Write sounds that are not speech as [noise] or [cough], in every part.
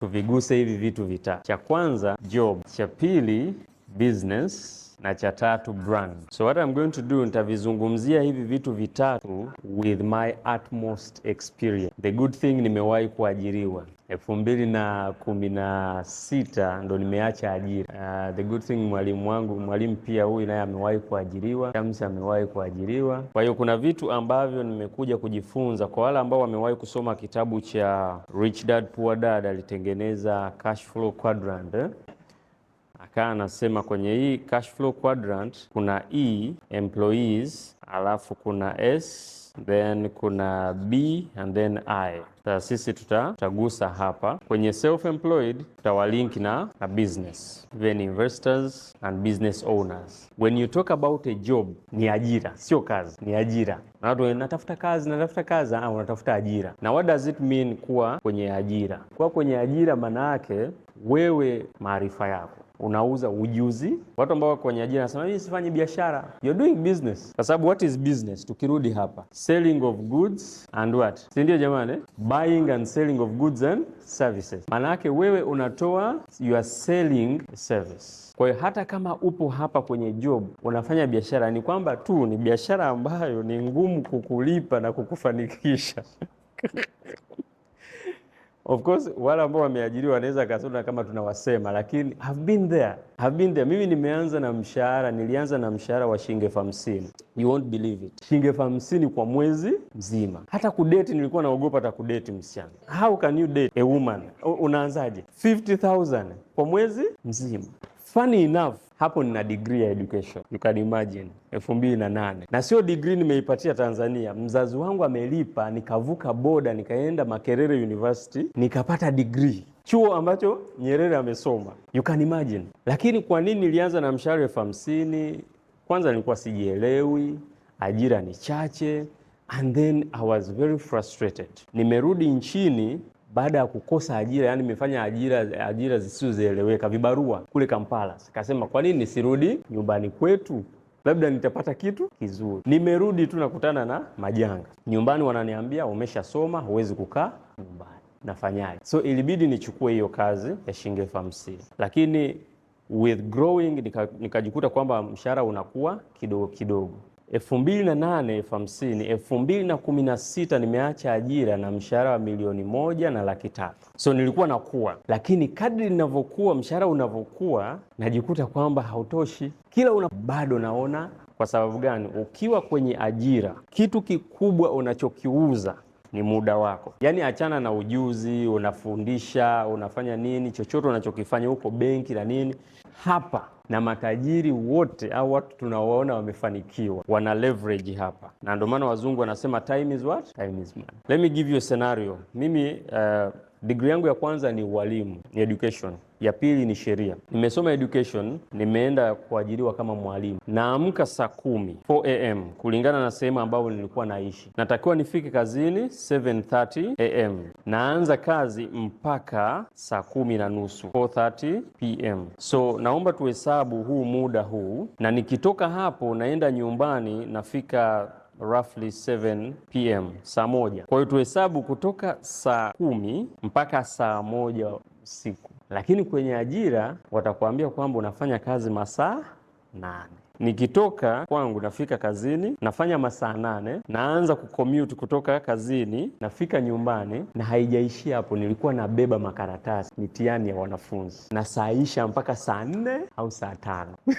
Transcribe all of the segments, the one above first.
Tuviguse hivi vitu vitatu, cha kwanza job, cha pili business na cha tatu brand. So what I'm going to do, nitavizungumzia hivi vitu vitatu with my utmost experience. The good thing nimewahi kuajiriwa elfu mbili na kumi na sita ndo nimeacha ajira. Uh, the good thing mwalimu wangu mwalimu pia huyu naye amewahi kuajiriwa, Shamsi amewahi kuajiriwa. Kwa hiyo kuna vitu ambavyo nimekuja kujifunza. Kwa wale ambao wamewahi kusoma kitabu cha Rich Dad Poor Dad, alitengeneza cash flow quadrant eh? akawa anasema kwenye hii cash flow quadrant kuna E employees, alafu kuna S then kuna B and then I. Sasa sisi tutagusa hapa kwenye self employed, tutawalink na, a business then investors and business owners. When you talk about a job, ni ajira, sio kazi, ni ajira. watu natafuta kazi, natafuta kazi, ah, unatafuta ajira. Na what does it mean kuwa kwenye ajira? Kuwa kwenye ajira maana yake wewe maarifa yako unauza ujuzi. Watu ambao kwenye ajira nasema mimi sifanyi biashara, you're doing business, kwa sababu what is business? Tukirudi hapa, selling of goods and what, si ndio jamani? Buying and selling of goods and services, maana yake wewe unatoa, you are selling service. Kwa hiyo hata kama upo hapa kwenye job unafanya biashara, ni kwamba tu ni biashara ambayo ni ngumu kukulipa na kukufanikisha [laughs] Of course wale ambao wameajiriwa wanaweza kasona kama tunawasema, lakini have been there, have been there. Mimi nimeanza na mshahara, nilianza na mshahara wa shilingi elfu hamsini. You won't believe it, shilingi elfu hamsini kwa mwezi mzima. Hata kudeti nilikuwa naogopa hata kudeti msichana. How can you date a woman? Unaanzaje? 50000 kwa mwezi mzima. Funny enough hapo nina degree ya education, you can imagine, elfu mbili na nane na sio degree nimeipatia Tanzania. Mzazi wangu amelipa, nikavuka boda nikaenda Makerere University nikapata degree chuo ambacho Nyerere amesoma, you can imagine. Lakini kwa nini nilianza na mshahara elfu hamsini? Kwanza nilikuwa sijielewi, ajira ni chache, and then I was very frustrated. Nimerudi nchini baada ya kukosa ajira, yani nimefanya ajira ajira zisizoeleweka, vibarua kule Kampala. kasema kwa nini nisirudi nyumbani kwetu, labda nitapata kitu kizuri. Nimerudi tu nakutana na majanga nyumbani, wananiambia umeshasoma, huwezi kukaa nyumbani, nafanyaje? So ilibidi nichukue hiyo kazi ya shilingi elfu hamsini lakini with growing nikajikuta nika kwamba mshahara unakuwa kidogo kidogo elfu mbili na nane elfu hamsini elfu mbili na kumi na sita nimeacha ajira na mshahara wa milioni moja na laki tatu so nilikuwa nakuwa, lakini kadri ninavyokuwa mshahara unavyokuwa najikuta kwamba hautoshi kila una bado naona. Kwa sababu gani? Ukiwa kwenye ajira, kitu kikubwa unachokiuza ni muda wako. Yaani, achana na ujuzi, unafundisha unafanya nini, chochote unachokifanya huko benki na nini, hapa na matajiri wote au watu tunawaona wamefanikiwa wana leverage hapa, na ndio maana wazungu wanasema time is what? Time is money. Let me give you a scenario. Mimi uh, degree yangu ya kwanza ni ualimu, ni education ya pili ni sheria. Nimesoma education, nimeenda kuajiriwa kama mwalimu. Naamka saa kumi 4 am kulingana na sehemu ambayo nilikuwa naishi, natakiwa nifike kazini 7:30 am. Naanza kazi mpaka saa kumi na nusu 4:30 pm. So naomba tuhesabu hesabu huu muda huu, na nikitoka hapo naenda nyumbani nafika roughly 7 pm, saa moja. Kwa hiyo tuhesabu kutoka saa kumi mpaka saa moja siku, lakini kwenye ajira watakuambia kwamba unafanya kazi masaa nane. Nikitoka kwangu nafika kazini nafanya masaa nane, naanza kukomuti kutoka kazini nafika nyumbani, na haijaishia hapo. Nilikuwa nabeba makaratasi mitiani ya wanafunzi nasaisha mpaka saa nne au saa tano [laughs]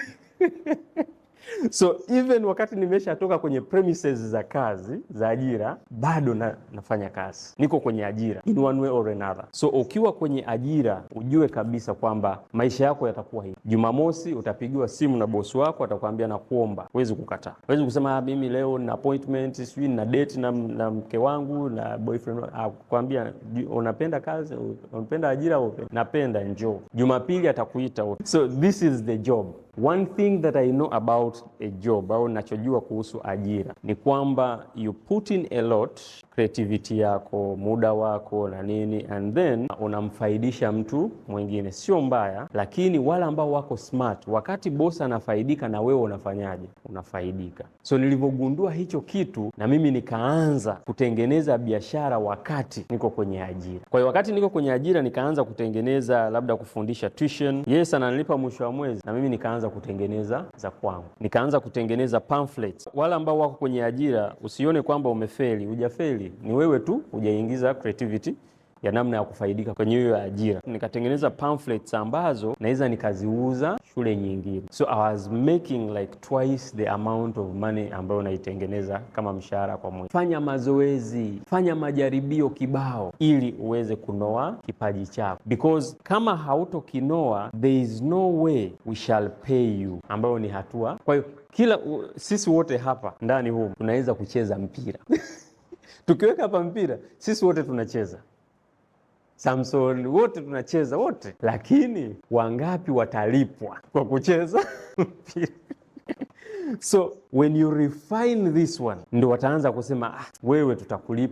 So even wakati nimeshatoka kwenye premises za kazi za ajira bado na, nafanya kazi, niko kwenye ajira in one way or another. So ukiwa kwenye ajira ujue kabisa kwamba maisha yako yatakuwa hivi. Jumamosi utapigiwa simu na bosi wako, atakwambia na kuomba. Huwezi kukataa, huwezi kusema ah, mimi leo na appointment, sijui na date na, na mke wangu na boyfriend. Akwambia unapenda kazi, unapenda ajira, Napenda, njoo. Jumapili atakuita. So this is the job. One thing that I know about a job au nachojua kuhusu ajira ni kwamba you put in a lot creativity yako, muda wako na nini, and then unamfaidisha mtu mwingine. Sio mbaya, lakini wale ambao wako smart. Wakati bosi anafaidika na wewe unafanyaje? Unafaidika. So nilivyogundua hicho kitu, na mimi nikaanza kutengeneza biashara wakati niko kwenye ajira. Kwa hiyo wakati niko kwenye ajira nikaanza kutengeneza, labda kufundisha tuition, yes ananilipa mwisho wa mwezi, na mimi nikaanza kutengeneza za kwangu, nikaanza kutengeneza pamphlets. Wale ambao wako kwenye ajira, usione kwamba umefeli, hujafeli, ni wewe tu hujaingiza creativity ya namna ya kufaidika kwenye hiyo ajira. Nikatengeneza pamphlets ambazo naweza nikaziuza shule nyingine, so I was making like twice the amount of money ambayo naitengeneza kama mshahara kwa mwezi. Fanya mazoezi, fanya majaribio kibao ili uweze kunoa kipaji chako, because kama hautokinoa there is no way we shall pay you, ambayo ni hatua. Kwa hiyo kila u, sisi wote hapa ndani humu tunaweza kucheza mpira [laughs] tukiweka hapa mpira sisi wote tunacheza. Samson, wote tunacheza wote, lakini wangapi watalipwa kwa kucheza [laughs] mpira? So when you refine this one, ndo wataanza kusema ah, wewe tutakulipa.